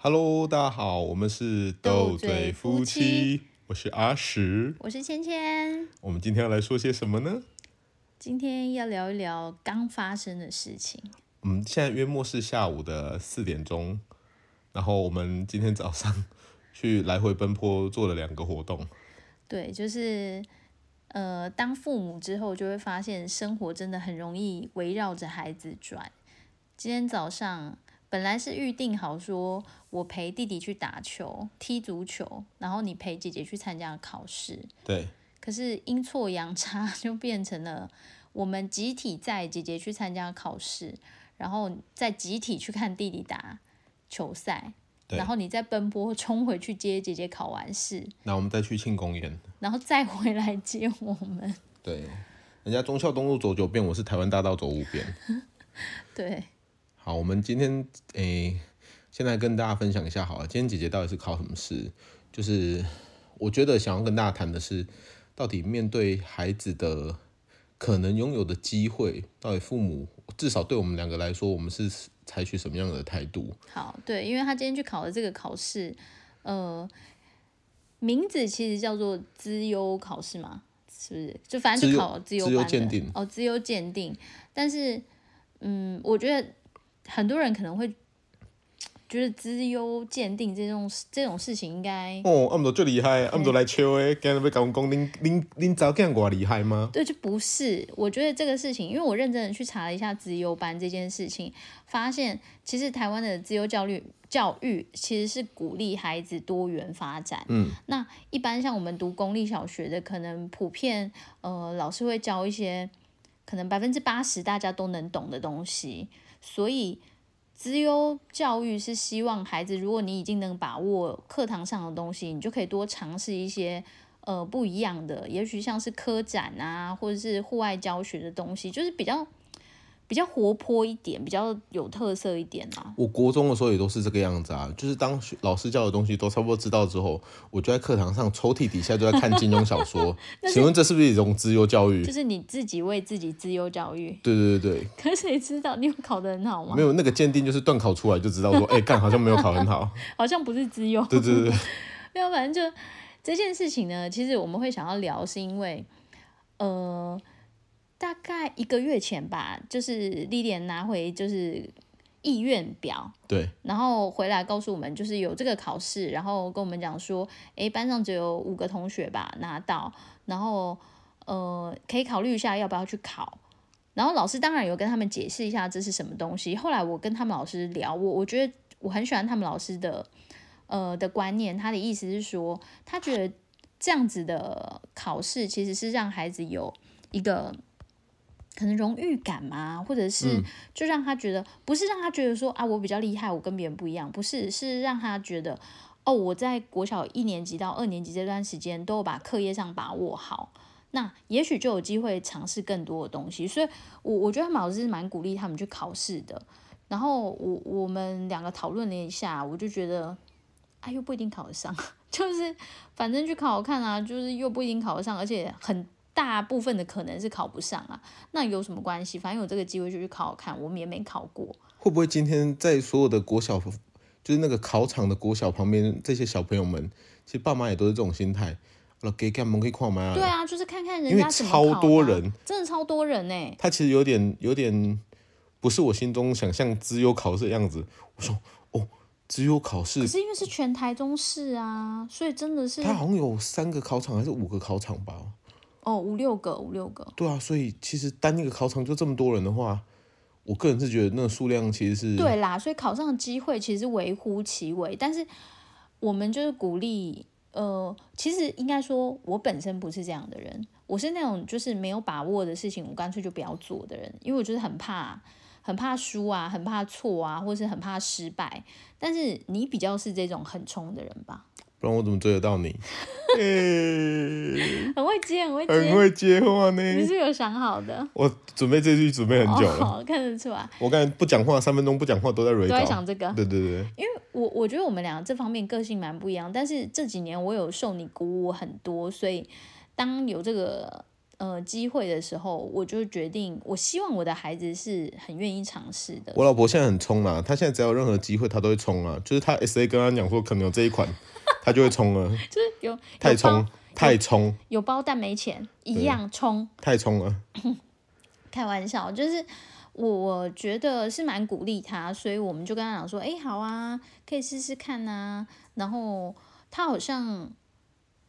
Hello，大家好，我們是鬥嘴夫妻，夫妻我是阿石，我是芊芊，我們今天要來說些什麼呢？今天要聊一聊剛發生的事情。嗯，現在約莫是下午的四點鐘，然後我們今天早上去來回奔波，做了兩個活動。對，就是呃，當父母之後，就會發現生活真的很容易圍繞着孩子轉。今天早上。本來是預定好說，我陪弟弟去打球，踢足球，然後你陪姐姐去參加考試。對。可是陰錯陽差，就變成了我們集體載姐姐去參加考試，然後再集體去看弟弟打球賽。對。然後你再奔波衝回去接姐姐考完試。那我們再去慶功宴。然後再回來接我們。對，人家忠孝東路走九遍，我是台灣大道走五遍。 對。好，我們今天誒、欸，先來跟大家分享一下，好了，今天姐姐到底是考什麼試？就是我覺得想要跟大家談的是，到底面對孩子的可能擁有的機會，到底父母至少對我們兩個來說，我們是採取什麼樣的態度？好，對，因為他今天去考的這個考試，呃，名字其實叫做資優考試嘛，是不是？就反正就考資優鑑定，哦，資優鑑定。但是，嗯，我覺得。很多人可能會覺得資優鑑定這種這種事情應該哦，暗度最厲害，暗度對來笑的，今日要教我講您您您怎講我厲害嗎？對，就不是。我覺得這個事情，因為我認真的去查了一下資優班這件事情，發現其實台灣的資優教育教育其實是鼓勵孩子多元發展。嗯，那一般像我們讀公立小學的，可能普遍呃老師會教一些可能百分之八十大家都能懂的東西。所以，資優教育是希望孩子，如果你已經能把握課堂上的東西，你就可以多嘗試一些呃不一樣的，也許像是科展啊，或者是戶外教學的東西，就是比較。比較活潑一點，比較有特色一點啊！我國中的時候也都是這個樣子啊，就是當老師教的東西都差不多知道之後，我就在課堂上抽屜底下就在看金庸小說。 是請問這是不是一種資優教育？就是你自己為自己資優教育。 對對對對。可是你知道你有考得很好嗎？沒有那個鑑定，就是段考出來就知道說，哎、 欸，幹好像沒有考很好， 好像不是資優。對對對對。沒有，反正就這件事情呢，其實我們會想要聊，是因為，呃。大概一個月前吧，就是莉安拿回就是意願表，對，然後回來告訴我們，就是有這個考試，然後跟我們講說，哎，班上只有五個同學吧拿到，然後呃，可以考慮一下要不要去考，然後老師當然有跟他們解釋一下這是什麼東西。後來我跟他們老師聊，我我覺得我很喜歡他們老師的呃的觀念，他的意思是說，他覺得這樣子的考試其實是讓孩子有一個。可能榮譽感嘛，或者是就讓他覺得，嗯、不是讓他覺得說啊，我比較厲害，我跟別人不一樣，不是，是讓他覺得，哦，我在國小一年級到二年級這段時間，都有把課業上把握好，那也許就有機會嘗試更多的東西。所以我，我我覺得他老師是蠻鼓勵他們去考試的。然後我我們兩個討論了一下，我就覺得，哎、啊、呦，又不一定考得上，就是反正去考考看啊，就是又不一定考得上，而且很。大部分的可能是考不上啊，那有什麼關係？反正有這個機會就去考考看。我們也沒考過，會不會今天在所有的國小，就是那個考場的國小旁邊，這些小朋友們其實爸媽也都是這種心態，了給幹嘛可以對啊，就是看看人家怎因為 超多人，多人真的超多人呢、欸。他其實有點有點不是我心中想象只有考試的樣子。我說哦，只有考試，可是因為是全台中市啊，所以真的是他好像有三個考場還是五個考場吧？哦，五六個，五六個。對啊，所以其實單一個考場就這麼多人的話，我個人是覺得那個數量其實是對啦，所以考上的機會其實是微乎其微。但是我們就是鼓勵，呃，其實應該說，我本身不是這樣的人，我是那種就是沒有把握的事情，我乾脆就不要做的人，因為我就是很怕、很怕輸啊，很怕錯啊，或是很怕失敗。但是你比較是這種很衝的人吧？不然我怎麼追得到你？欸、 很會接，很會接，很會接話呢。你是有想好的？我準備這句準備很久了，oh, 看得出來。我剛才不講話，三分鐘不講話都在瑞都在想這個。對對對，因為我我覺得我們兩個這方面個性蠻不一樣，但是這幾年我有受你鼓舞很多，所以當有這個呃機會的時候，我就決定，我希望我的孩子是很願意嘗試的。我老婆現在很衝啊，她現在只要有任何機會，她都會衝啊。就是他 S A 跟她講說，可能有這一款。 他就會衝了， 就是有太衝，太衝，有包但沒錢，一樣衝，太衝了 開玩笑，就是我我覺得是蠻鼓勵他，所以我們就跟他講說：“哎、欸，好啊，可以試試看啊。”然後他好像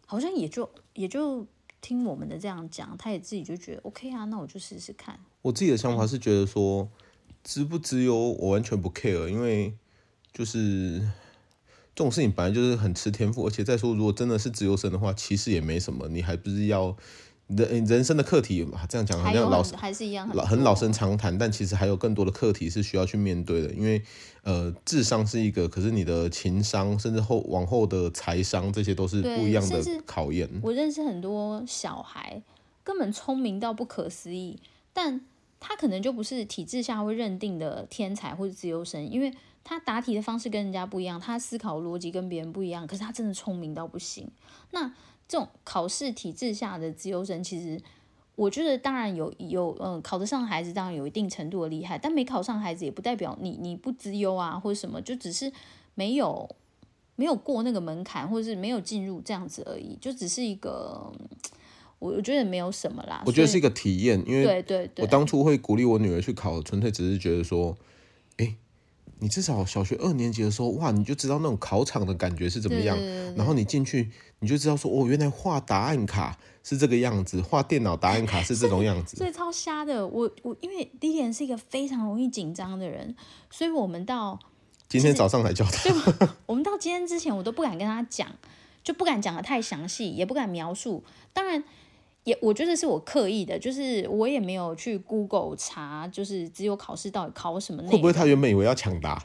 好像也就也就聽我們的這樣講，他也自己就覺得 OK 啊，那我就試試看。我自己的想法是覺得說值不值喲，我完全不 care，因為就是。這種事情本來就是很吃天賦，而且再說，如果真的是資優生的話，其實也沒什麼，你還不是要人人生的課題，啊，這樣講好像老是還，還是一樣很，老，很老生常談，但其實還有更多的課題是需要去面對的，因為呃，智商是一個，可是你的情商，甚至後往後的財商，這些都是不一樣的考驗。我認識很多小孩，根本聰明到不可思議，但他可能就不是體制下會認定的天才或者資優生，因為。他答題的方式跟人家不一樣，他思考邏輯跟別人不一樣，可是他真的聰明到不行。那這種考試體制下的資優生，其實我覺得當然有有嗯考得上的孩子，當然有一定程度的厲害，但沒考上孩子也不代表你你不資優啊或者什麼，就只是沒有沒有過那個門檻，或者是沒有進入這樣子而已，就只是一個我我覺得沒有什麼啦。我覺得是一個體驗，因為對對對，我當初會鼓勵我女兒去考，純粹只是覺得說，欸你至少小學二年級的時候，哇，你就知道那種考場的感覺是怎麼樣。對對對對，然後你進去，你就知道說，我、哦、原來畫答案卡是這個樣子，畫電腦答案卡是這種樣子。所以，所以超瞎的。我我因為莉安是一個非常容易緊張的人，所以我們到今天早上來教他對，我們到今天之前，我都不敢跟他講，就不敢講得太詳細，也不敢描述。當然。也我覺得是我刻意的，就是我也沒有去 Google 查，就是只有考試到底考什麼內容。那會不會他原本以為要搶答？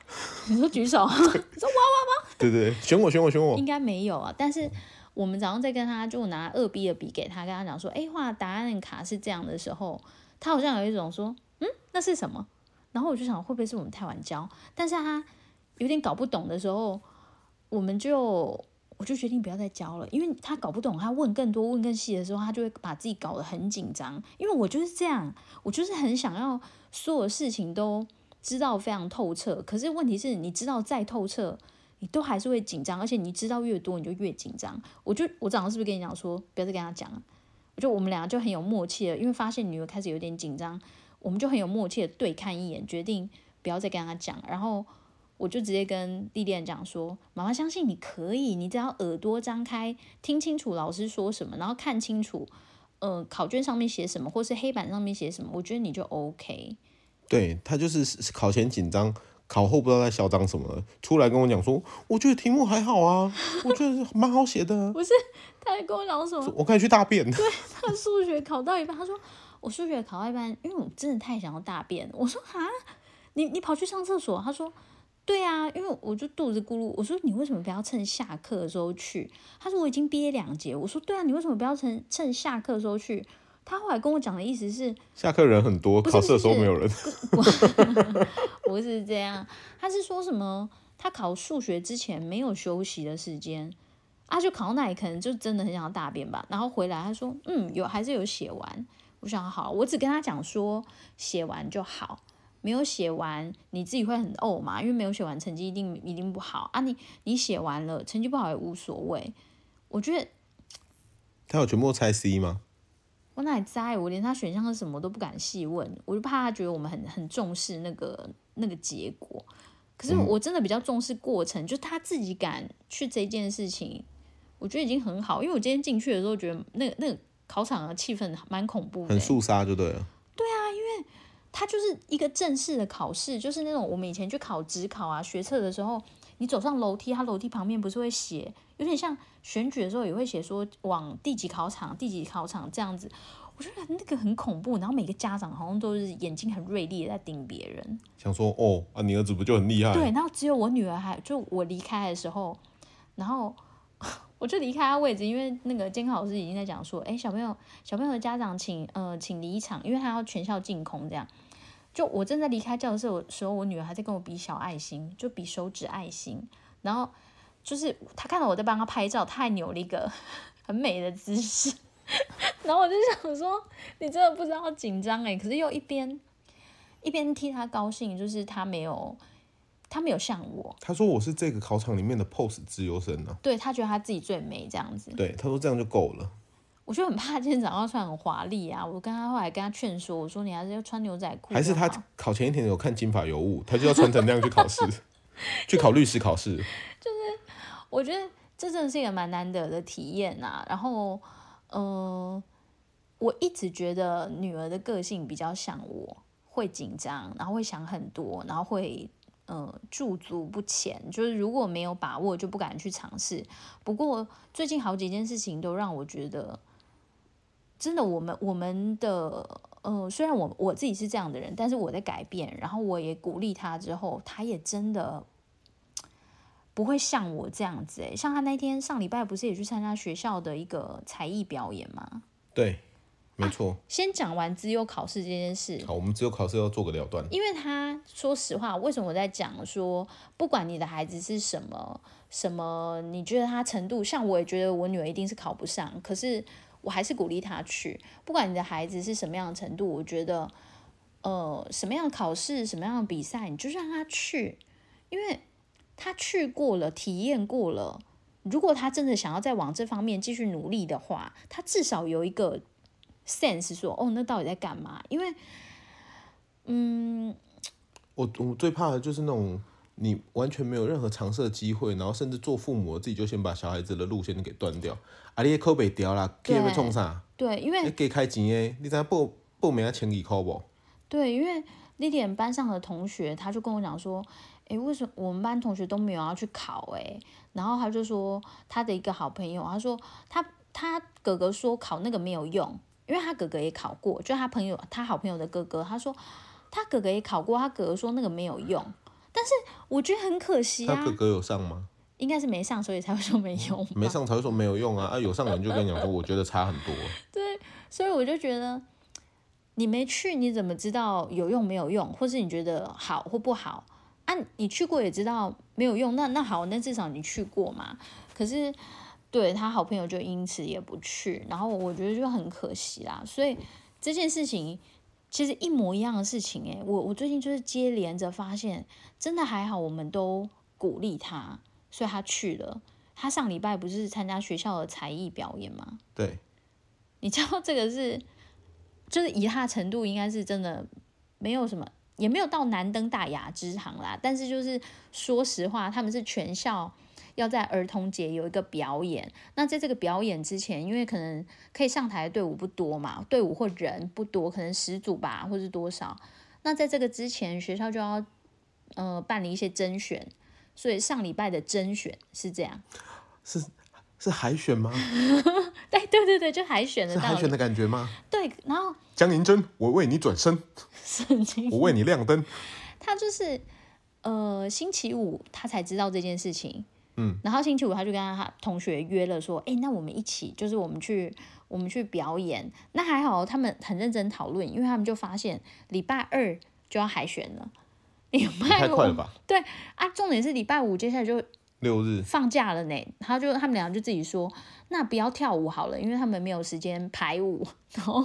你說舉手， 你說哇哇哇！對，對對，選我選我選我。選我。應該沒有啊，但是我們早上在跟他，就拿二 B 的筆給他，跟他講說，哎、嗯，畫、欸、答案卡是這樣的時候，他好像有一種說，嗯，那是什麼？然後我就想，會不會是我們太晚教？但是他有點搞不懂的時候，我們就。我就決定不要再教了，因為他搞不懂，他問更多、問更細的時候，他就會把自己搞得很緊張。因為我就是這樣，我就是很想要所有事情都知道非常透徹。可是問題是你知道再透徹，你都還是會緊張，而且你知道越多，你就越緊張。我就我早上是不是跟你講說，不要再跟他講了？我就我們兩個就很有默契了，因為發現女兒開始有點緊張，我們就很有默契的對看一眼，決定不要再跟他講，然後。我就直接跟弟弟講說：“媽媽相信你可以，你只要耳朵張開聽清楚老師說什麼，然後看清楚，呃，考卷上面寫什麼，或是黑板上面寫什麼，我覺得你就 OK。對”對，他就是考前緊張，考後不知道在囂張什麼，出來跟我講說：“我覺得題目還好啊， 我覺得蠻好寫的。”不是，他還跟我講什麼？我可以去大便。對，他數學考到一半，他說：“我數學考到一半，因為我真的太想要大便。”我說：“啊，你你跑去上廁所？”他說。對啊，因為我就肚子咕嚕，我說你為什麼不要趁下課的時候去？他說我已經憋兩節。我說對啊，你為什麼不要趁趁下課的時候去？他後來跟我講的意思是，下課人很多，不是不是，是考試的時候沒有人。不 是這樣，他是說什麼？他考數學之前沒有休息的時間，他、啊、就考那裡可能就真的很想要大便吧。然後回來他說，嗯，有還是有寫完。我想好，我只跟他講說寫完就好。沒有寫完，你自己會很嘔、oh、嘛？因為沒有寫完，成績一定一定不好啊你！你你寫完了，成績不好也無所謂。我覺得他有全部猜 C 嗎？我哪在，我連他選項是什麼都不敢細問，我就怕他覺得我們很很重視那個那個結果。可是我真的比較重視過程，嗯、就他自己敢去這件事情，我覺得已經很好。因為我今天進去的時候，覺得那個、那個考場的氣氛蠻恐怖的，很肅殺，就對了。它就是一個正式的考試，就是那種我們以前去考指考啊、學測的時候，你走上樓梯，它樓梯旁邊不是會寫，有點像選舉的時候也會寫說往第幾考場、第幾考場這樣子。我覺得那個很恐怖，然後每個家長好像都是眼睛很銳利的在盯別人，想說哦啊，你兒子不就很厲害？對，然後只有我女兒還就我離開的時候，然後 我就離開她位置，因為那個監考老師已經在講說，哎、欸，小朋友、小朋友的家長請、呃，請呃請離場，因為他要全校淨空這樣。就我正在離開教室的時候，我女兒還在跟我比小愛心，就比手指愛心。然後就是她看到我在幫她拍照，她還扭了一個很美的姿勢。 然後我就想說，你真的不知道緊張哎，可是又一邊一邊替她高興，就是她沒有，她沒有像我。她說我是這個考場裡面的 pose 資優生呢。對，她覺得她自己最美這樣子。對，她說這樣就夠了。我就很怕今天早上穿很華麗啊！我跟他後來跟他勸說，我說你還是要穿牛仔褲。還是他考前一天有看《金法尤物》，他就要穿成那樣去考試， 去考律師考試、 就是。就是我覺得這真的是一個蠻難得的體驗啊！然後，嗯、呃，我一直覺得女兒的個性比較像我，會緊張，然後會想很多，然後會嗯、呃、駐足不前，就是如果沒有把握，就不敢去嘗試。不過最近好幾件事情都讓我覺得。真的我，我們我們的呃，雖然我我自己是這樣的人，但是我在改變，然後我也鼓勵他之後，他也真的不會像我這樣子哎。像他那天上禮拜不是也去參加學校的一個才藝表演嗎？對，沒錯。啊，先講完資優考試這件事。好，我們只有考試要做個了斷。因為他說實話，為什麼我在講說，不管你的孩子是什麼什麼，你覺得他程度像我，也覺得我女兒一定是考不上，可是。我還是鼓勵他去，不管你的孩子是什麼樣的程度，我覺得，呃，什麼樣的考試，什麼樣的比賽，你就讓他去，因為他去過了，體驗過了。如果他真的想要再往這方面繼續努力的話，他至少有一個 sense 說，哦，那到底在幹嘛？因為，嗯，我我最怕的就是那種。你完全沒有任何嘗試的機會，然後甚至做父母自己就先把小孩子的路線給斷掉。阿、啊、麗的被掉了，可以被沖上。對，因為你給開錢的，你知道報報名要錢幾塊不？對，因為麗麗班上的同學，他就跟我講說：“哎、欸，為什麼我們班同學都沒有要去考、欸？”哎，然後他就說他的一個好朋友，他說他他哥哥說考那個沒有用，因為他哥哥也考過，就他朋友他好朋友的哥哥，他說他哥哥也考過，他哥哥說那個沒有用。嗯但是我覺得很可惜啊。他哥哥有上嗎？應該是沒上，所以才會說沒用。沒上才會說沒有用啊！ 啊，有上人就跟你講說，我覺得差很多。對，所以我就覺得，你沒去，你怎麼知道有用沒有用，或是你覺得好或不好啊？你去過也知道沒有用，那那好，那至少你去過嘛。可是對他好朋友就因此也不去，然後我覺得就很可惜啦。所以這件事情。其實一模一樣的事情，哎，我我最近就是接連着發現，真的還好，我們都鼓勵他，所以他去了。他上禮拜不是參加學校的才藝表演嗎？對。你知道這個是，就是以他的程度應該是真的，沒有什麼，也沒有到難登大雅之堂啦。但是就是說實話，他們是全校。要在兒童節有一個表演，那在這個表演之前，因為可能可以上台的隊伍不多嘛，隊伍或人不多，可能十組吧，或是多少。那在這個之前，學校就要呃辦理一些甄選，所以上禮拜的甄選是這樣，是是海選嗎？哎， 對,對對對，就海選的，是海選的感覺嗎？對，然後江銀珍，我為你轉身， 我為你亮燈。他就是呃星期五，他才知道這件事情。嗯，然後星期五他就跟他同學約了，說，哎、欸，那我們一起，就是我們去，我們去表演。那還好，他們很認真討論，因為他們就發現禮拜二就要海選了，禮拜五，太快了吧，對啊，重點是禮拜五接下來就六日放假了呢。日然後就他們兩個就自己說，那不要跳舞好了，因為他們沒有時間排舞。然後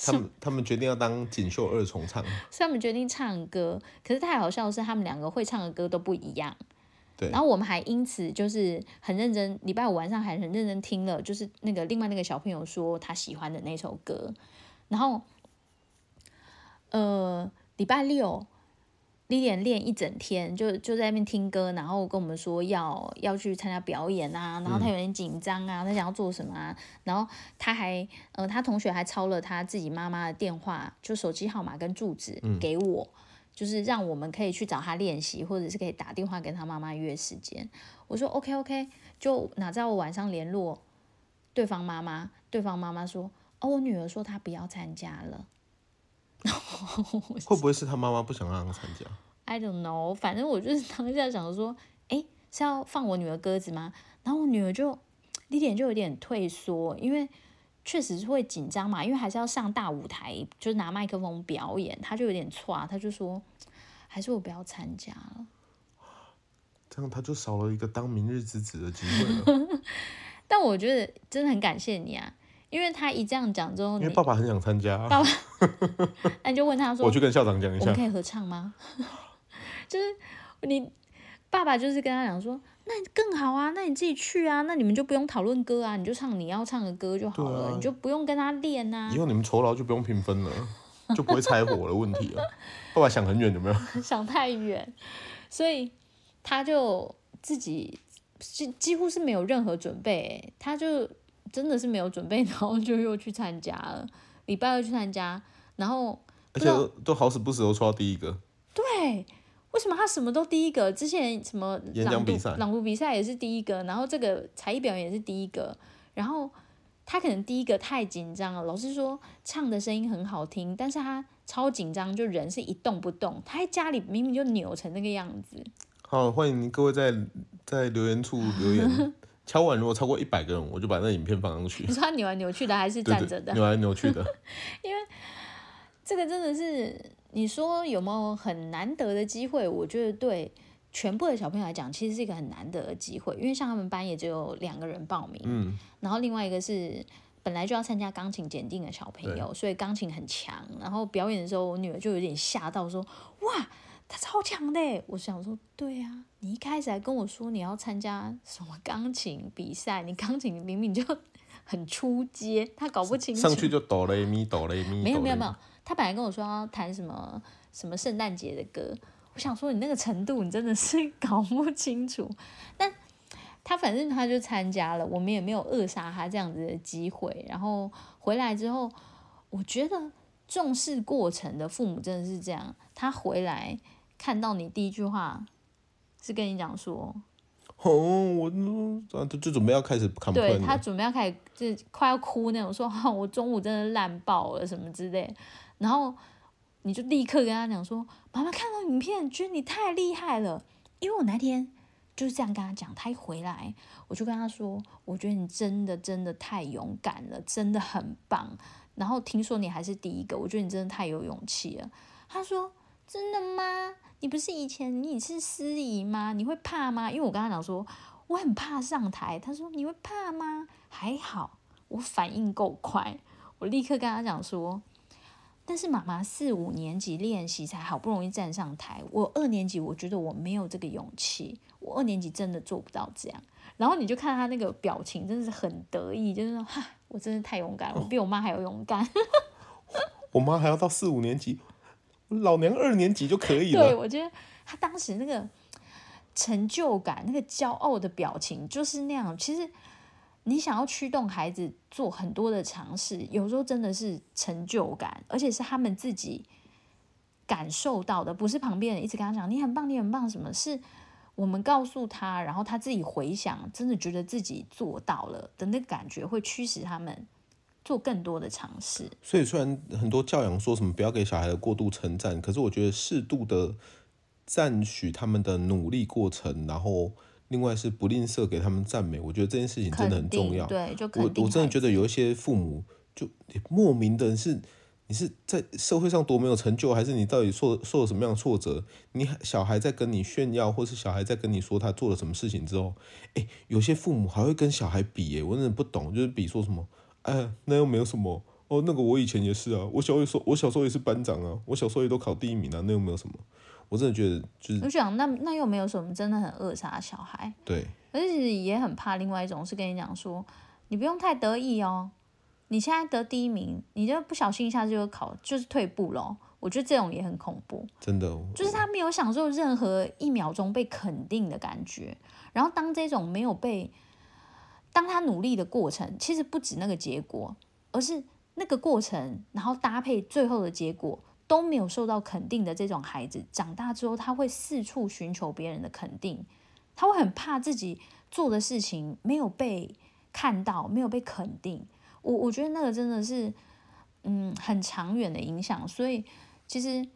他們 他們決定要當錦繡二重唱，所以他們決定唱歌。可是太好笑的是，他們兩個會唱的歌都不一樣。然後我們還因此就是很認真，禮拜五晚上還很認真聽了，就是那個另外那個小朋友說他喜歡的那首歌。然後，呃，禮拜六，莉安練一整天，就就在那邊聽歌，然後跟我們說要要去參加表演啊，然後他有點緊張啊，嗯、他想要做什麼啊，然後他還，呃，他同學還抄了他自己媽媽的電話，就手機號碼跟住址給我。嗯就是讓我們可以去找他練習，或者是可以打電話跟他媽媽約時間。我說 OK OK，就哪在我晚上聯絡對方媽媽，對方媽媽說：“哦，我女兒說她不要參加了。 ”會不會是他媽媽不想讓他參加？I don't know，反正我就是當下想說，哎、欸、是要放我女兒鴿子嗎？然後我女兒就一點就有點退縮，因為。確實是會緊張嘛，因為還是要上大舞台，就是拿麥克風表演，他就有點剉，他就說還是我不要參加了，這樣他就少了一個當明日之子的機會了。 但我覺得真的很感謝你啊，因為他一這樣講之後，因為爸爸很想參加、啊，爸爸， 那你就問他說，我去跟校長講一下，我們可以合唱嗎？ 就是你爸爸就是跟他講說。那更好啊，那你自己去啊，那你們就不用討論歌啊，你就唱你要唱的歌就好了，啊、你就不用跟他練啊。以後你們酬勞就不用平分了， 就不會拆火我的問題了。後來 想很遠，有沒有？想太遠，所以他就自己是幾乎是沒有任何準備，他就真的是沒有準備，然後就又去參加了，禮拜二去參加，然後而且都，都好死不死都抽到第一個，對。為什麼他什麼都第一個？之前什麼朗讀比賽朗讀比賽也是第一個，然後這個才藝表演也是第一個，然後他可能第一個太緊張了。老師說唱的聲音很好聽，但是他超緊張，就人是一動不動。他在家裡明明就扭成那個樣子。好，歡迎各位在在留言處留言。 敲碗如果超過一百個人，我就把那個影片放上去。你說他扭來扭去的還是站着的對對對？扭來扭去的， 因為這個真的是。你說有沒有很難得的機會？我覺得對全部的小朋友來講，其實是一個很難得的機會，因為像他們班也只有兩個人報名，嗯，然後另外一個是本來就要參加鋼琴檢定的小朋友，所以鋼琴很強。然後表演的時候，我女兒就有點嚇到，說：“哇，她超強的！”我想說：“對啊，你一開始還跟我說你要參加什麼鋼琴比賽，你鋼琴明明就很初階，她搞不清楚，上去就哆唻咪哆唻咪，沒有沒有沒有。”他本來跟我說要彈什麼什麼聖誕節的歌，我想說你那個程度，你真的是搞不清楚。但他反正他就參加了，我們也沒有扼殺他這樣子的機會。然後回來之後，我覺得重視過程的父母真的是這樣。他回來看到你第一句話是跟你講說：“哦，oh, 我……啊，就準備要開始，對他準備要開始，就快要哭那種說，說啊，我中午真的爛爆了什麼之類。”然後你就立刻跟他講說：“媽媽看到影片，覺得你太厲害了。”因為我那天就是這樣跟他講，他一回來，我就跟他說：“我覺得你真的真的太勇敢了，真的很棒。”然後聽說你還是第一個，我覺得你真的太有勇氣了。他說：“真的嗎？你不是以前你也是司儀嗎？你會怕嗎？”因為我跟他講說我很怕上台。他說：“你會怕嗎？”還好，我反應夠快，我立刻跟他講說。但是媽媽四五年級練習才好不容易站上台，我二年級，我覺得我沒有這個勇氣，我二年級真的做不到這樣。然後你就看他那個表情，真的是很得意，就是說哈，我真的太勇敢了，哦、我比我媽還要勇敢。 我媽還要到四五年級，我老娘二年級就可以了。對，我覺得她當時那個成就感、那個驕傲的表情，就是那樣。其實。你想要驅動孩子做很多的嘗試，有時候真的是成就感，而且是他們自己感受到的，不是旁邊人一直跟他講“你很棒，你很棒”，什麼是我們告訴他，然後他自己回想，真的覺得自己做到了的那個感覺，會驅使他們做更多的嘗試。所以，雖然很多教養說什麼不要給小孩的過度稱讚，可是我覺得適度的讚許他們的努力過程，然後。另外是不吝嗇給他們讚美，我覺得這件事情真的很重要。對，就肯定。我我真的覺得有一些父母就、欸、莫名的是，你是在社會上多沒有成就，還是你到底受受了什麼樣的挫折？你小孩在跟你炫耀，或是小孩在跟你說他做了什麼事情之後，誒、欸，有些父母還會跟小孩比、欸，我真的不懂，就是比說什麼，哎、欸，那又沒有什麼。哦，那個我以前也是啊，我小時候我小時候也是班長啊，我小時候也都考第一名啊，那又沒有什麼。我真的覺得就是，我想那那又沒有什麼真的很扼殺小孩，對，而且也很怕。另外一種是跟你講說，你不用太得意哦，你現在得第一名，你就不小心一下子就考就是退步咯、哦，退步咯哦。我覺得這種也很恐怖，真的哦，就是他沒有享受任何一秒鐘被肯定的感覺。然後當這種沒有被，當他努力的過程，其實不止那個結果，而是那個過程，然後搭配最後的結果。都沒有受到肯定的這種孩子，長大之後他會四處尋求別人的肯定，他會很怕自己做的事情沒有被看到，沒有被肯定。我我覺得那個真的是，嗯，很長遠的影響。所以其實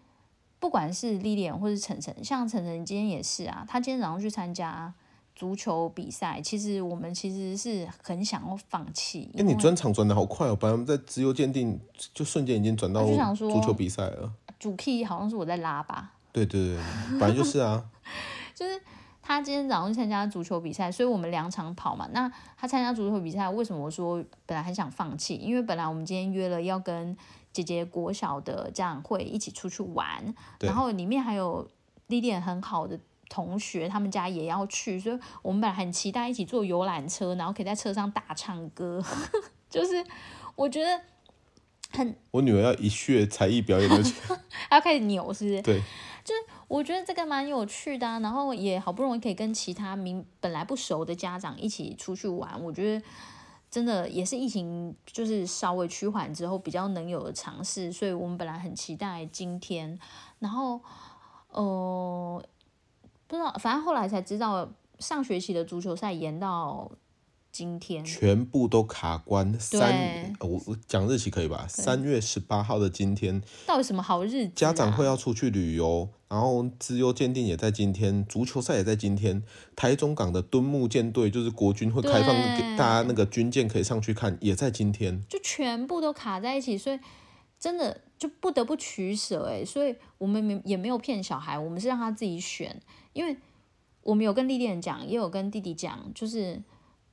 不管是莉安或是澄澄，像澄澄今天也是啊，他今天早上去參加。足球比賽，其實我們其實是很想要放棄。哎，你轉場轉的好快哦，喔，本來在資優鑑定，就瞬間已經轉到足球比賽了。啊、主 key 好像是我在拉吧？對對對，反正就是啊。 就是他今天早上參加足球比賽，所以我們兩場跑嘛。那他參加足球比賽，為什麼我說本來很想放棄？因為本來我們今天約了要跟姐姐國小的家長會一起出去玩，對然後裡面還有 Lilian 很好的。同學他們家也要去，所以我們本來很期待一起坐遊覽車，然後可以在車上大唱歌。 就是我覺得很，我女兒要一血才藝表演，要開始扭，是不是？對，就是我覺得這個蠻有趣的啊，然後也好不容易可以跟其他名本來不熟的家長一起出去玩，我覺得真的也是疫情就是稍微趨緩之後比較能有的嘗試，所以我們本來很期待今天，然後呃。不知道，反正後來才知道，上學期的足球賽延到今天，全部都卡關。對三，我我講日期可以吧？三對月十八號的今天，到底什麼好日子？家長會要出去旅遊，然後資優鑑定也在今天，足球賽也在今天。台中港的敦睦艦隊就是國軍會開放給大家那個軍艦可以上去看，對也在今天，就全部都卡在一起，所以真的就不得不取捨哎。所以我們沒也沒有騙小孩，我們是讓他自己選。因為我們有跟莉莉安講，也有跟弟弟講，就是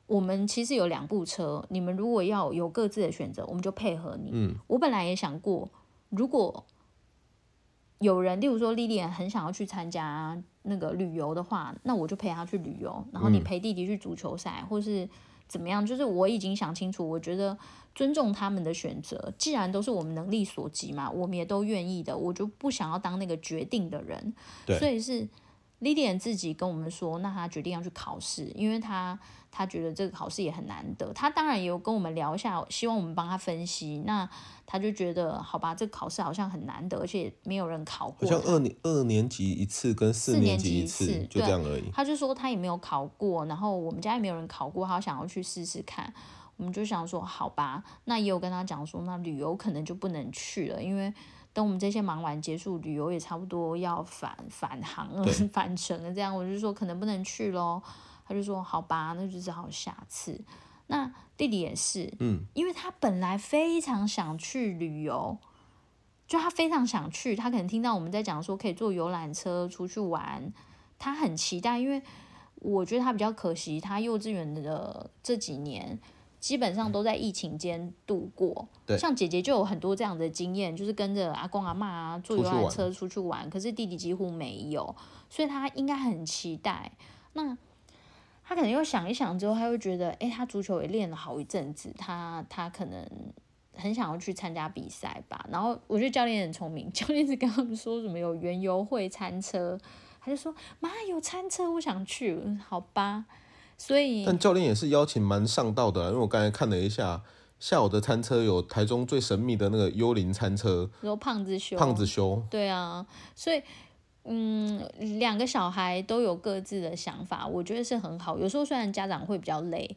我們其實有兩部車，你們如果要有各自的選擇，我們就配合你。嗯，我本來也想過，如果有人，例如說莉莉安很想要去參加那個旅遊的話，那我就陪他去旅遊，然後你陪弟弟去足球賽，嗯，或是怎麼樣？就是我已經想清楚，我覺得尊重他們的選擇，既然都是我們能力所及嘛，我們也都願意的，我就不想要當那個決定的人。對，所以是。莉安自己跟我們說，那他決定要去考試，因為他他覺得這個考試也很難得。他當然也有跟我們聊一下，希望我們幫他分析。那他就覺得，好吧，這個考試好像很難得，而且沒有人考過。好像二年二年級一次跟四年級一次，一次對就這樣而已。他就說他也沒有考過，然後我們家也沒有人考過，他想要去試試看。我們就想說，好吧，那也有跟他講說，那旅遊可能就不能去了，因為等我們這些忙完結束，旅遊也差不多要返返航了、返程了。這樣，我就說可能不能去嘍。他就說好吧，那就只好下次。那弟弟也是，嗯，因為他本來非常想去旅遊，就他非常想去，他可能聽到我們在講說可以坐遊覽車出去玩，他很期待，因為我覺得他比較可惜，他幼稚園的這幾年。基本上都在疫情間度過，嗯、像姐姐就有很多這樣的經驗，對就是跟着阿公阿嬤、啊、坐遊覽車出去玩，去玩。可是弟弟幾乎沒有，所以他應該很期待。那他可能又想一想之後，他會覺得，哎、欸，他足球也練了好一陣子，他他可能很想要去參加比賽吧。然後我覺得教練很聰明，教練是跟他們說什麼有園遊會餐車，他就說，媽，有餐車，我想去，好吧。所以，但教練也是邀請蠻上道的，因為我剛才看了一下下午的餐車，有台中最神秘的那個幽靈餐車，有胖子修。胖子修對啊，所以嗯，兩個小孩都有各自的想法，我覺得是很好。有時候雖然家長會比較累，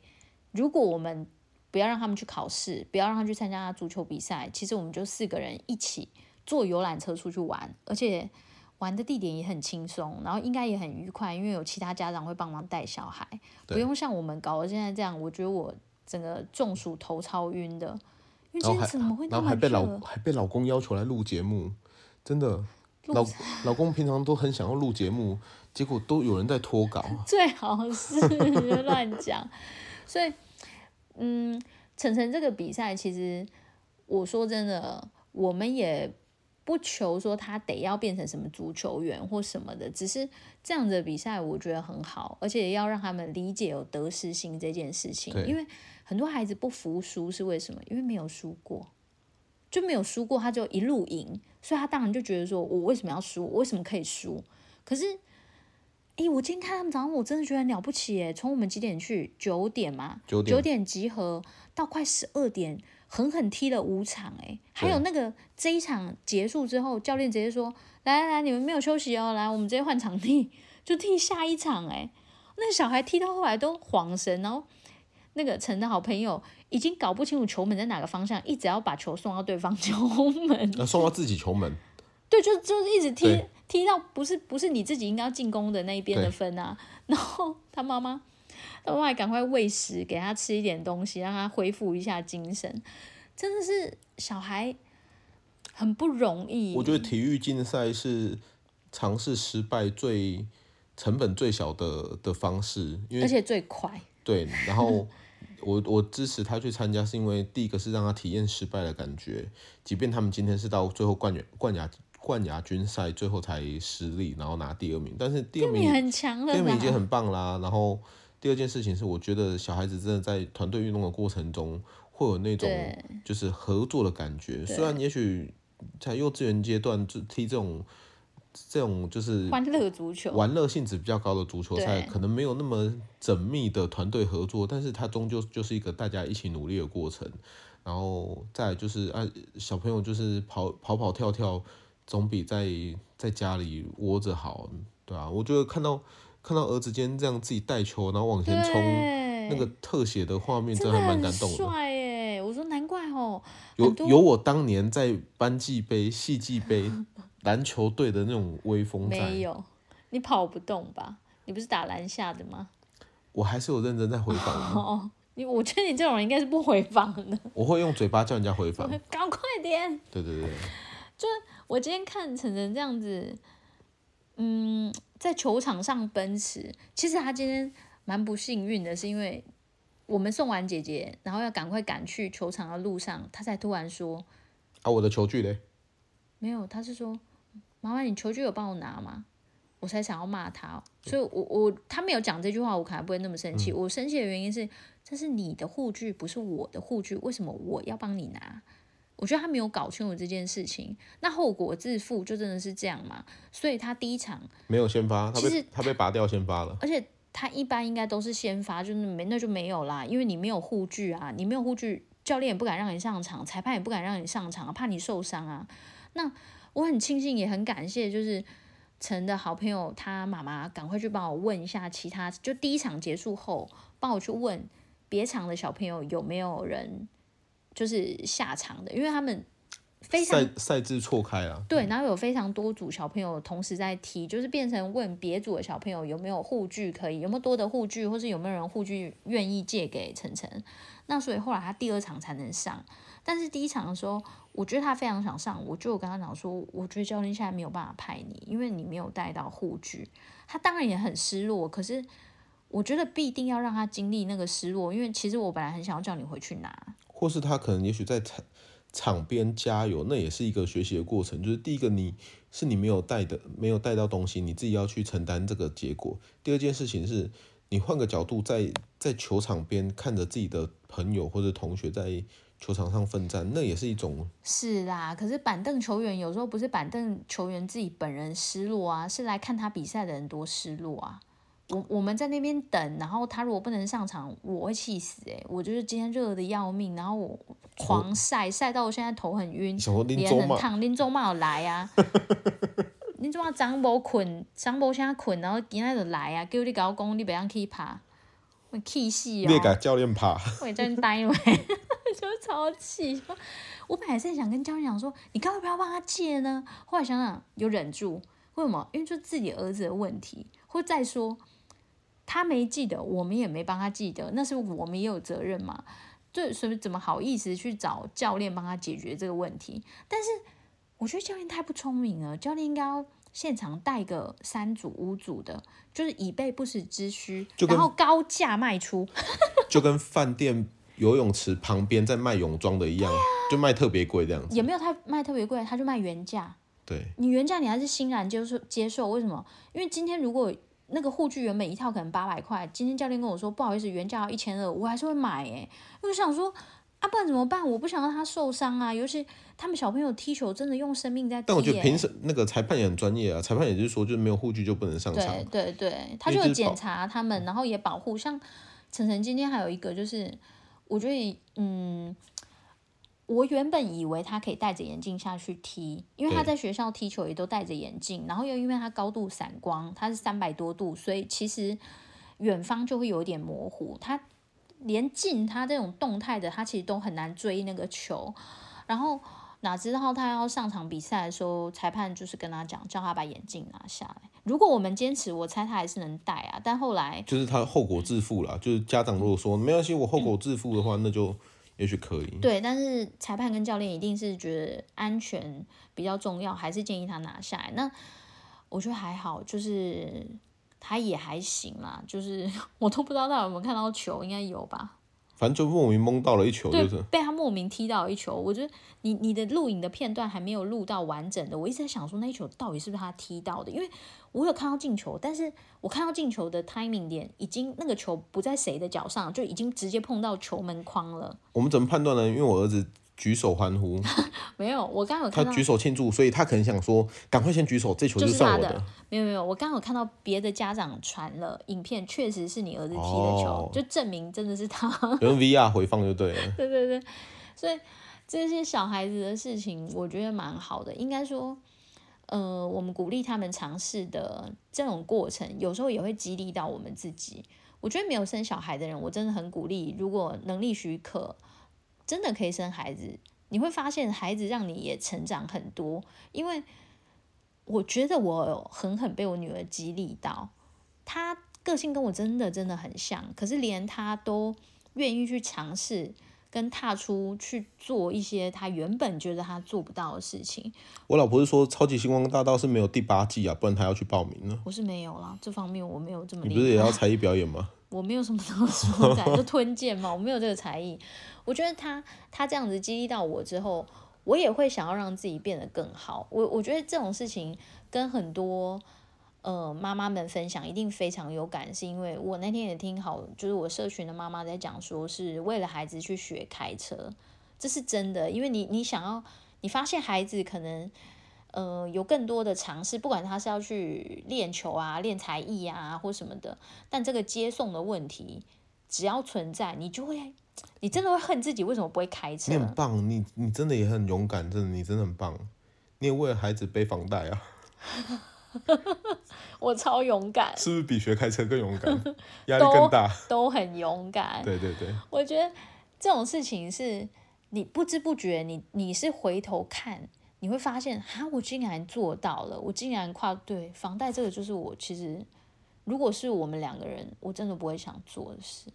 如果我們不要讓他們去考試，不要讓他們去參加足球比賽，其實我們就四個人一起坐遊覽車出去玩，而且。玩的地點也很輕鬆，然後應該也很愉快，因為有其他家長會幫忙帶小孩，對不用像我們搞到現在這樣。我覺得我整個中暑頭超暈的，因為今天怎麼會這麼熱？然後還被老還被老公要求來錄節目，真的。老不老公平常都很想要錄節目，結果都有人在拖稿。 最好是亂講， 所以嗯，澄澄這個比賽，其實我說真的，我們也。不求說他得要變成什麼足球員或什麼的，只是這樣的比賽我覺得很好，而且要讓他們理解有得失心這件事情。對因為很多孩子不服輸是為什麼？因為沒有輸過，就沒有輸過，他就一路贏，所以他當然就覺得說，我為什麼要輸？我為什麼可以輸？可是，誒，我今天看他們早上，我真的覺得很了不起耶，從我們幾點去？九點嘛？九點。九點集合到快十二點。狠狠踢了五場誒、欸，還有那個這一場結束之後，對教練直接說：“來來來，你們沒有休息哦、喔，來，我們直接換場地，就踢下一場誒、欸。那小孩踢到後來都恍神、喔，然後那個澄的好朋友已經搞不清楚球門在哪個方向，一直要把球送到對方球門，那送到自己球門？對，就就一直踢對踢到不是不是你自己應該要進攻的那一邊的分啊，對然後他媽媽。都快趕快餵食，給他吃一點東西，讓他恢復一下精神。真的是小孩很不容易。我覺得體育競賽是嘗試失敗最成本最小的的方式，因為而且最快。對，然後我 我支持他去參加，是因為第一個是讓他體驗失敗的感覺。即便他們今天是到最後冠軍冠亞冠亞軍賽最後才失利，然後拿第二名，但是第二名很強了，第二名已經很棒啦。啊。然後。第二件事情是，我覺得小孩子真的在團隊運動的過程中會有那種就是合作的感覺。對雖然也許在幼稚園階段就踢這種這種就是玩樂性質比較高的足球賽，對玩樂足球可能沒有那麼縝密的團隊合作，但是它終究就是一個大家一起努力的過程。然後再就是啊，小朋友就是跑跑跑跳跳，總比在在家裡窩着好，對吧？啊。我覺得看到。看到兒子今天這樣自己帶球，然後往前衝，那個特寫的畫面，真的蠻感動的。帥耶！我說難怪哦。有多有我當年在班級杯、系際杯籃球隊的那種威風。沒有，你跑不動吧？你不是打籃下的嗎？我還是有認真在回防。Oh, oh, oh, 你，我覺得你這種人應該是不回防的。 我會用嘴巴叫人家回防。搞快點！對對對。就我今天看澄澄這樣子，嗯。在球場上奔馳。其實他今天蠻不幸運的，是因為我們送完姐姐，然後要趕快趕去球場的路上，他才突然說：“啊，我的球具嘞？”沒有，他是說：“麻煩，你球具有幫我拿嗎？”我才想要罵他、喔，對 所以我我他沒有講這句話，我可能不會那麼生氣。嗯、我生氣的原因是，這是你的護具，不是我的護具，為什麼我要幫你拿？我覺得他沒有搞清楚這件事情，那後果自負就真的是這樣嘛？所以他第一場沒有先發，他被其實他，他被拔掉先發了。而且他一般應該都是先發，就是沒那就沒有啦，因為你沒有護具啊，你沒有護具，教練也不敢讓你上場，裁判也不敢讓你上場啊，怕你受傷啊。那我很慶幸，也很感謝，就是澄的好朋友他媽媽趕快去幫我問一下，其他就第一場結束後幫我去問別場的小朋友有沒有人。就是下場的，因為他們非常賽賽制錯開啊，對，然後有非常多組小朋友同時在踢，嗯、就是變成問別組的小朋友有沒有護具可以，有沒有多的護具，或是有沒有人護具願意借給澄澄。那所以後來他第二場才能上，但是第一場的時候，我覺得他非常想上，我就跟他講說，我覺得教練現在沒有辦法派你，因為你沒有帶到護具。他當然也很失落，可是我覺得必定要讓他經歷那個失落，因為其實我本來很想要叫你回去拿。或是他可能也許在場場邊加油，那也是一個學習的過程。就是第一個，你是你沒有帶的，沒有帶到東西，你自己要去承擔這個結果。第二件事情是，你換個角度在，在在球場邊看着自己的朋友或者同學在球場上奮戰，那也是一種。是啦，可是板凳球員有時候不是板凳球員自己本人失落啊，是來看他比賽的人多失落啊。我我們在那邊等，然後他如果不能上場，我會氣死哎、欸！我就是今天熱得要命，然後我狂曬我曬到我現在頭很暈。臉很燙，恁祖媽有來啊？恁祖媽昨無睏，昨無啥睏，然後今仔就來啊！叫你搞我講，你袂當去爬，我氣死哦！別甲教練爬， 我真練呆了， 就超氣。我本來是想跟教練講說，你幹嘛不要幫他借呢？後來想想又忍住，為什麼？因為就自己兒子的問題，或再說。他沒記得，我們也沒幫他記得，那是我們也有責任嘛。對，所以怎麼好意思去找教練幫他解決這個問題？但是我覺得教練太不聰明了，教練應該要現場帶個三組五組的，就是以備不時之需，跟然後高價賣出，就跟飯店游泳池旁邊在賣泳裝的一樣， 啊、就賣特別貴這樣子，也沒有他賣特別貴，他就賣原價。對，你原價你還是欣然接受接受，為什麼？因為今天如果。那個護具原本一套可能八百塊，今天教練跟我說不好意思，原價要一千二，我還是會買耶，我就想說啊，不然怎麼辦？我不想讓他受傷啊，尤其他們小朋友踢球真的用生命在踢。但我覺得評審那個裁判也很專業啊，裁判也就是說就是沒有護具就不能上場。對對對，他就檢查他們，然後也保護。像澄澄今天還有一個就是，我覺得嗯。我原本以為他可以戴着眼鏡下去踢，因為他在學校踢球也都戴着眼鏡。對然後又因為他高度散光，他是三百多度，所以其實遠方就會有一點模糊。他連近他這種動態的，他其實都很難追那個球。然後哪知道他要上場比賽的時候，裁判就是跟他講，叫他把眼鏡拿下來。如果我們堅持，我猜他還是能戴啊。但後來就是他後果自負啦，嗯、就是家長如果說沒關係，我後果自負的話，嗯、那就。也許可以，對，但是裁判跟教練一定是覺得安全比較重要，還是建議他拿下來。那我覺得還好，就是他也還行啦，就是我都不知道他有沒有看到球，應該有吧。反正就莫名蒙到了一球，就是對，被他莫名踢到一球。我覺得你你的錄影的片段還沒有錄到完整的，我一直在想說那一球到底是不是他踢到的？因為我有看到進球，但是我看到進球的 timing 點，已經那個球不在誰的腳上，就已經直接碰到球門框了。我們怎麼判斷呢？因為我兒子。舉手歡呼， 沒有，我剛剛有看到他舉手慶祝，所以他可能想說，趕快先舉手，這球是就是我的。沒有沒有，我剛剛有看到別的家長傳了影片，確實是你兒子踢的球，哦、就證明真的是他。用 VR 回放就對了。對對對，所以這些小孩子的事情，我覺得蠻好的。應該說，呃，我們鼓勵他們嘗試的這種過程，有時候也會激勵到我們自己。我覺得沒有生小孩的人，我真的很鼓勵，如果能力許可。真的可以生孩子，你會發現孩子讓你也成長很多。因為我覺得我狠狠被我女兒激勵到，她個性跟我真的真的很像。可是連她都願意去嘗試跟踏出去做一些她原本覺得她做不到的事情。我老婆是說《超級星光大道》是沒有第八季啊，不然她要去報名呢？啊？我是沒有啦，這方面我沒有這麼。你不是也要才藝表演嗎？我沒有什麼特別說的，就吞劍嘛，我沒有這個才藝。我覺得他他這樣子激勵到我之後，我也會想要讓自己變得更好。我我覺得這種事情跟很多呃媽媽們分享一定非常有感，是因為我那天也聽好，就是我社群的媽媽在講說是為了孩子去學開車，這是真的，因為你你想要你發現孩子可能。呃，有更多的嘗試，不管他是要去練球啊、練才藝啊，或什麼的，但這個接送的問題只要存在，你就會，你真的會恨自己為什麼不會開車？你很棒，你你真的也很勇敢，真的你真的很棒，你也為了孩子背房貸啊。 我超勇敢，是不是比學開車更勇敢？壓力更大 都，都很勇敢。對對對，我覺得這種事情是你不知不覺，你你是回頭看。你會發現，哈，我竟然做到了！我竟然跨對房貸，這個就是我其實，如果是我們兩個人，我真的不會想做的事。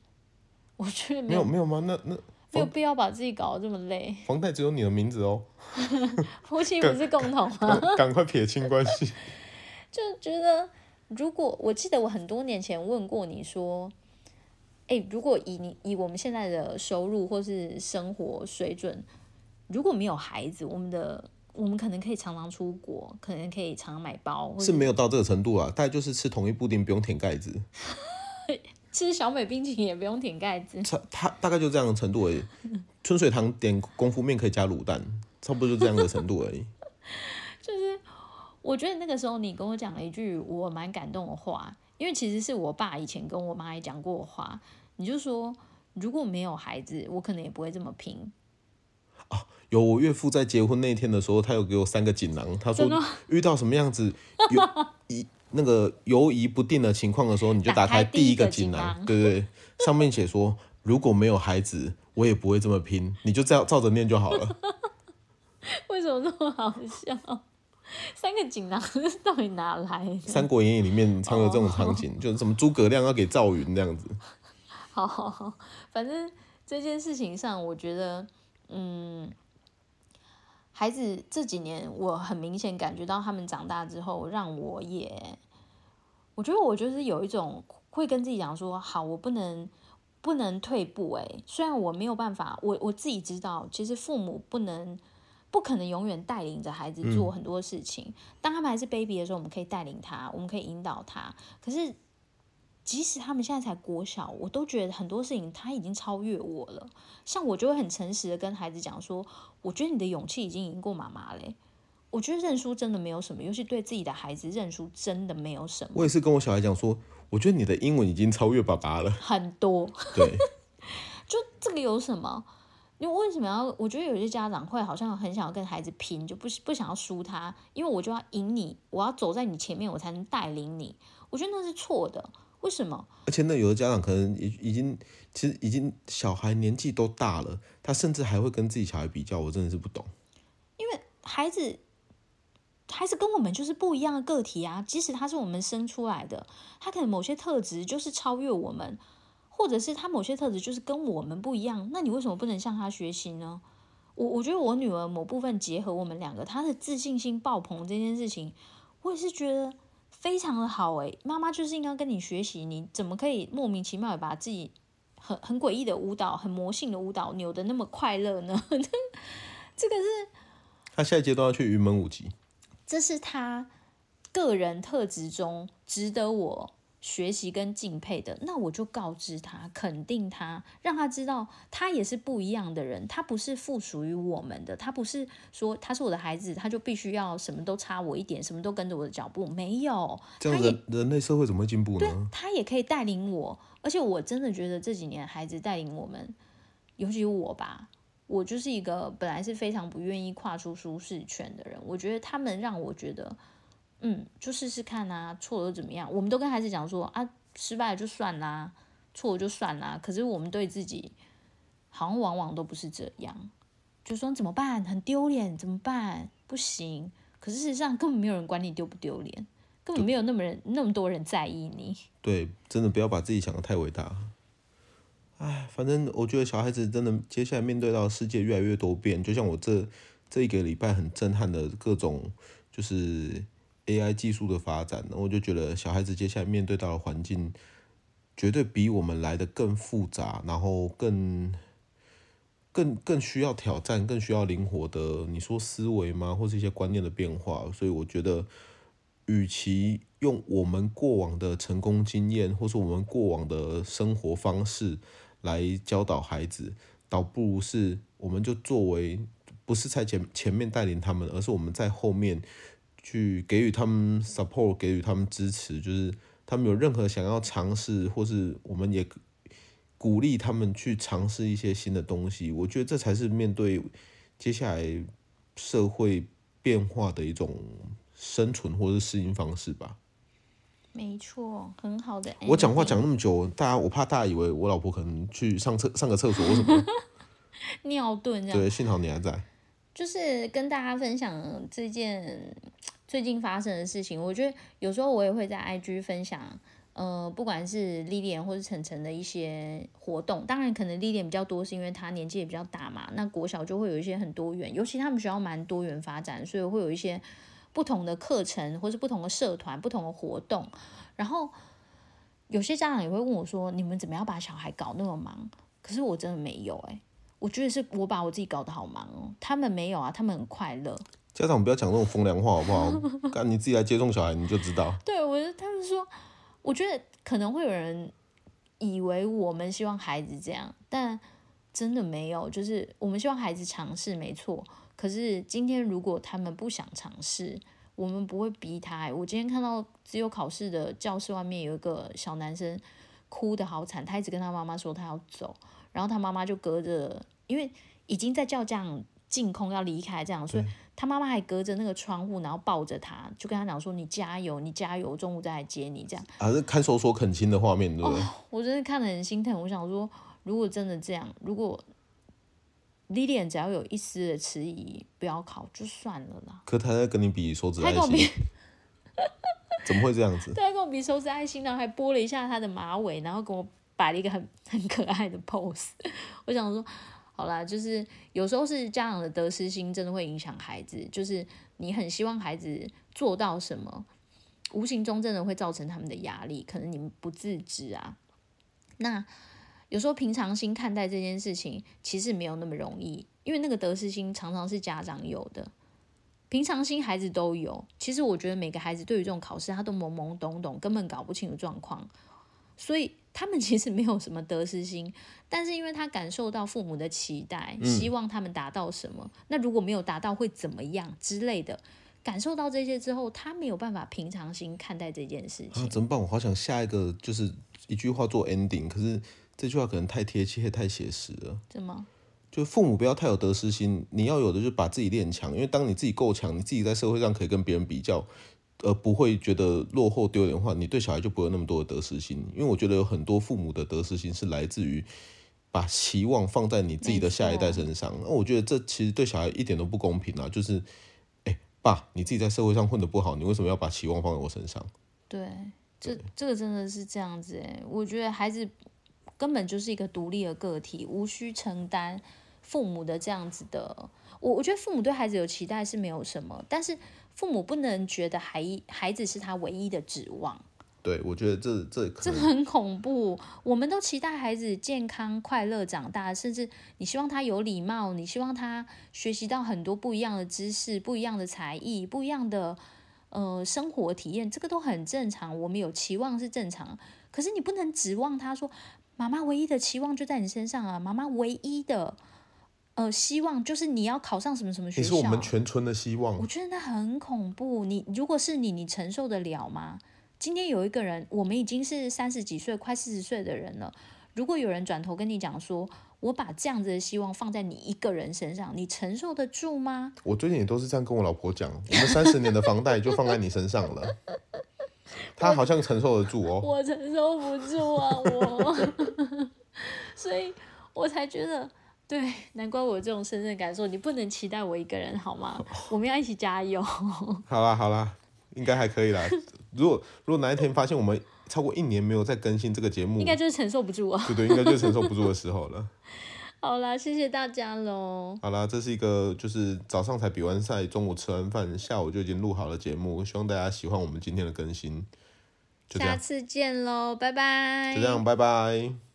我覺得沒有沒有，沒有嗎？那那沒有必要把自己搞得這麼累。房貸只有你的名字哦， 夫妻不是共同嗎？趕快撇清關係 。就覺得，如果我記得我很多年前問過你說，哎、欸，如果以你以我們現在的收入或是生活水準，如果沒有孩子，我們的。我們可能可以常常出國，可能可以常常買包，是沒有到這個程度啊，大概就是吃同一布丁不用舔蓋子。 吃小美冰淇淋也不用舔蓋子。他大概就這樣的程度而已。春水堂點功夫麵可以加滷蛋，差不多就這樣的程度而已。就是， 就是我覺得那個時候你跟我講了一句我蠻感動的話，因為其實是我爸以前跟我媽也講過的話，你就說，如果沒有孩子，我可能也不會這麼拼。啊、有我岳父在結婚那一天的時候，他有給我三個錦囊，他說遇到什麼樣子有疑那個猶疑不定的情況的時候，你就打開第一個錦囊，囊，對不對，對？上面寫說 如果沒有孩子，我也不會這麼拼，你就這樣照着念就好了。為什麼那麼好笑？三個錦囊到底哪來？《三國演義》裡面常有這種場景，Oh. 就是什麼諸葛亮要給趙雲這樣子。好好好，反正這件事情上，我覺得。嗯，孩子這幾年，我很明顯感覺到他們長大之後，讓我也，我覺得我就是有一種會跟自己講說，好，我不能不能退步誒，雖然我沒有辦法，我我自己知道，其實父母不能不可能永遠帶領着孩子做很多事情。嗯、當他們還是 baby 的時候，我們可以帶領他，我們可以引導他，可是。即使他們現在才國小，我都覺得很多事情他已經超越我了。像我就會很誠實的跟孩子講說：“我覺得你的勇氣已經贏過媽媽嘞。”我覺得認輸真的沒有什麼，尤其對自己的孩子認輸真的沒有什麼。我也是跟我小孩講說：“我覺得你的英文已經超越爸爸了。”很多對， 就這個有什麼？你為什麼要？我覺得有些家長會好像很想要跟孩子拼，就不不想要輸他，因為我就要贏你，我要走在你前面，我才能帶領你。我覺得那是錯的。為什麼？而且那有的家長可能已已經，其實已經小孩年紀都大了，他甚至還會跟自己小孩比較，我真的是不懂。因為孩子，孩子跟我們就是不一樣的個體啊。即使他是我們生出來的，他可能某些特質就是超越我們，或者是他某些特質就是跟我們不一樣。那你為什麼不能向他學習呢？我我覺得我女兒某部分結合我們兩個，她的自信心爆棚這件事情，我也是覺得。非常的好誒，媽媽就是應該跟你學習，你怎麼可以莫名其妙的把自己很很詭異的舞蹈，很魔性的舞蹈扭得那麼快樂呢？ 這個是，他下一階段要去雲門舞集，這是他個人特質中值得我。學習跟敬佩的，那我就告知他，肯定他，讓他知道他也是不一樣的人，他不是附屬於我們的，他不是說他是我的孩子，他就必須要什麼都差我一點，什麼都跟着我的腳步，沒有。這樣的也人類社會怎麼會進步呢？對，他也可以帶領我，而且我真的覺得這幾年孩子帶領我們，尤其我吧，我就是一個本來是非常不願意跨出舒適圈的人，我覺得他們讓我覺得。嗯，就試試看啊，錯了又怎麼樣？我們都跟孩子講說啊，失敗就算啦，錯了就算啦。可是我們對自己好像往往都不是這樣，就說怎麼辦？很丟臉怎麼辦？不行。可是事實上根本沒有人管你丟不丟臉，根本沒有那麼人對那麼多人在意你。對，真的不要把自己想得太偉大。唉，反正我覺得小孩子真的，接下來面對到世界越來越多變，就像我這這一個禮拜很震撼的各種就是。AI 技術的發展，我就覺得小孩子接下來面對到的環境，絕對比我們來得更複雜，然後更更更需要挑戰，更需要靈活的。你說思維嗎？或是一些觀念的變化？所以我覺得，與其用我們過往的成功經驗，或是我們過往的生活方式來教導孩子，倒不如是，我們就作為不是在前前面帶領他們，而是我們在後面。去給予他們 support，給予他們支持，就是他們有任何想要嘗試，或是我們也鼓勵他們去嘗試一些新的東西。我覺得這才是面對接下來社會變化的一種生存或者是適應方式吧。沒錯，很好的。我講話講那麼久，大家，我怕大家以為我老婆可能去上廁上個廁所，我怎麼？尿遁 對，幸好你還在。就是跟大家分享這件最近發生的事情。我覺得有時候我也會在 IG 分享，呃，不管是莉安或者澄澄的一些活動。當然，可能莉安比較多，是因為她年紀也比較大嘛。那國小就會有一些很多元，尤其他們學校蠻多元發展，所以會有一些不同的課程或是不同的社團、不同的活動。然後有些家長也會問我說：“你們怎麼要把小孩搞那麼忙？”可是我真的沒有哎、欸。我覺得是我把我自己搞得好忙哦，他們沒有啊，他們很快樂。家長，不要講這種風涼話好不好？乾 你自己來接送小孩，你就知道。 對，我覺得他們說，我覺得可能會有人以為我們希望孩子這樣，但真的沒有，就是我們希望孩子嘗試，沒錯。可是今天如果他們不想嘗試，我們不會逼他、欸。我今天看到資優考試的教室外面有一個小男生哭得好慘，他一直跟他媽媽說他要走。然後他媽媽就隔着，因為已經在叫這樣進空要離開這樣，對所以他媽媽還隔着那個窗戶，然後抱着他，就跟他講說：“你加油，你加油，中午再來接你。”這樣啊，是看守所懇親的畫面，對不對？哦、我真的看得很心疼。我想說，如果真的這樣，如果 Lilian 只要有一絲的遲疑，不要考就算了啦。可他在跟你比手指愛心，搞 怎麼會這樣子？他在跟我比手指愛心，然後還撥了一下他的馬尾，然後跟我。擺了一個很很可愛的 pose， 我想說，好啦，就是有時候是家長的得失心真的會影響孩子，就是你很希望孩子做到什麼，無形中真的會造成他們的壓力，可能你們不自知啊。那有時候平常心看待這件事情，其實沒有那麼容易，因為那個得失心常常是家長有的，平常心孩子都有。其實我覺得每個孩子對於這種考試，他都懵懵懂懂，根本搞不清楚狀況，所以。他們其實沒有什麼得失心，但是因為他感受到父母的期待，嗯、希望他們達到什麼，那如果沒有達到會怎麼樣之類的，感受到這些之後，他沒有辦法平常心看待這件事情。啊、怎麼辦？我好想下一個就是一句話做 ending，可是這句話可能太貼切，太寫實了。怎麼？就父母不要太有得失心，你要有的就是把自己練強，因為當你自己夠強，你自己在社會上可以跟別人比較。呃，而不會覺得落後丟臉的話，你對小孩就不會有那麼多的得失心。因為我覺得有很多父母的得失心是來自於把期望放在你自己的下一代身上。那沒錯。我覺得這其實對小孩一點都不公平啊！就是，哎，欸，爸，你自己在社會上混得不好，你為什麼要把期望放在我身上？對，對這這個真的是這樣子。欸，我覺得孩子根本就是一個獨立的個體，無需承擔父母的這樣子的。我我覺得父母對孩子有期待是沒有什麼，但是。父母不能覺得孩孩子是他唯一的指望。對，我覺得這這這很恐怖。我們都期待孩子健康快樂長大，甚至你希望他有禮貌，你希望他學習到很多不一樣的知識、不一樣的才藝、不一樣的呃生活體驗，這個都很正常。我們有期望是正常，可是你不能指望他說，媽媽唯一的期望就在你身上啊，媽媽唯一的。呃，希望就是你要考上什麼什麼學校，你是我們全村的希望。我覺得那很恐怖。你如果是你，你承受得了嗎？今天有一個人，我們已經是三十幾歲、快四十歲的人了。如果有人轉頭跟你講說，我把這樣子的希望放在你一個人身上，你承受得住嗎？我最近也都是這樣跟我老婆講，我們三十年的房貸就放在你身上了。 他好像承受得住哦、喔，我承受不住啊，我， 所以我才覺得。對，難怪我有這種深深的感受。你不能期待我一個人好嗎？哦，我們要一起加油。好啦好啦，應該還可以啦。 如果如果哪一天發現我們超過一年沒有再更新這個節目，應該就是承受不住啊。對對，應該就是承受不住的時候了。 好啦，謝謝大家嘍。好啦，這是一個就是早上才比完賽，中午吃完飯，下午就已經錄好了節目。希望大家喜歡我們今天的更新。下次見嘍，拜拜。就這樣，拜拜。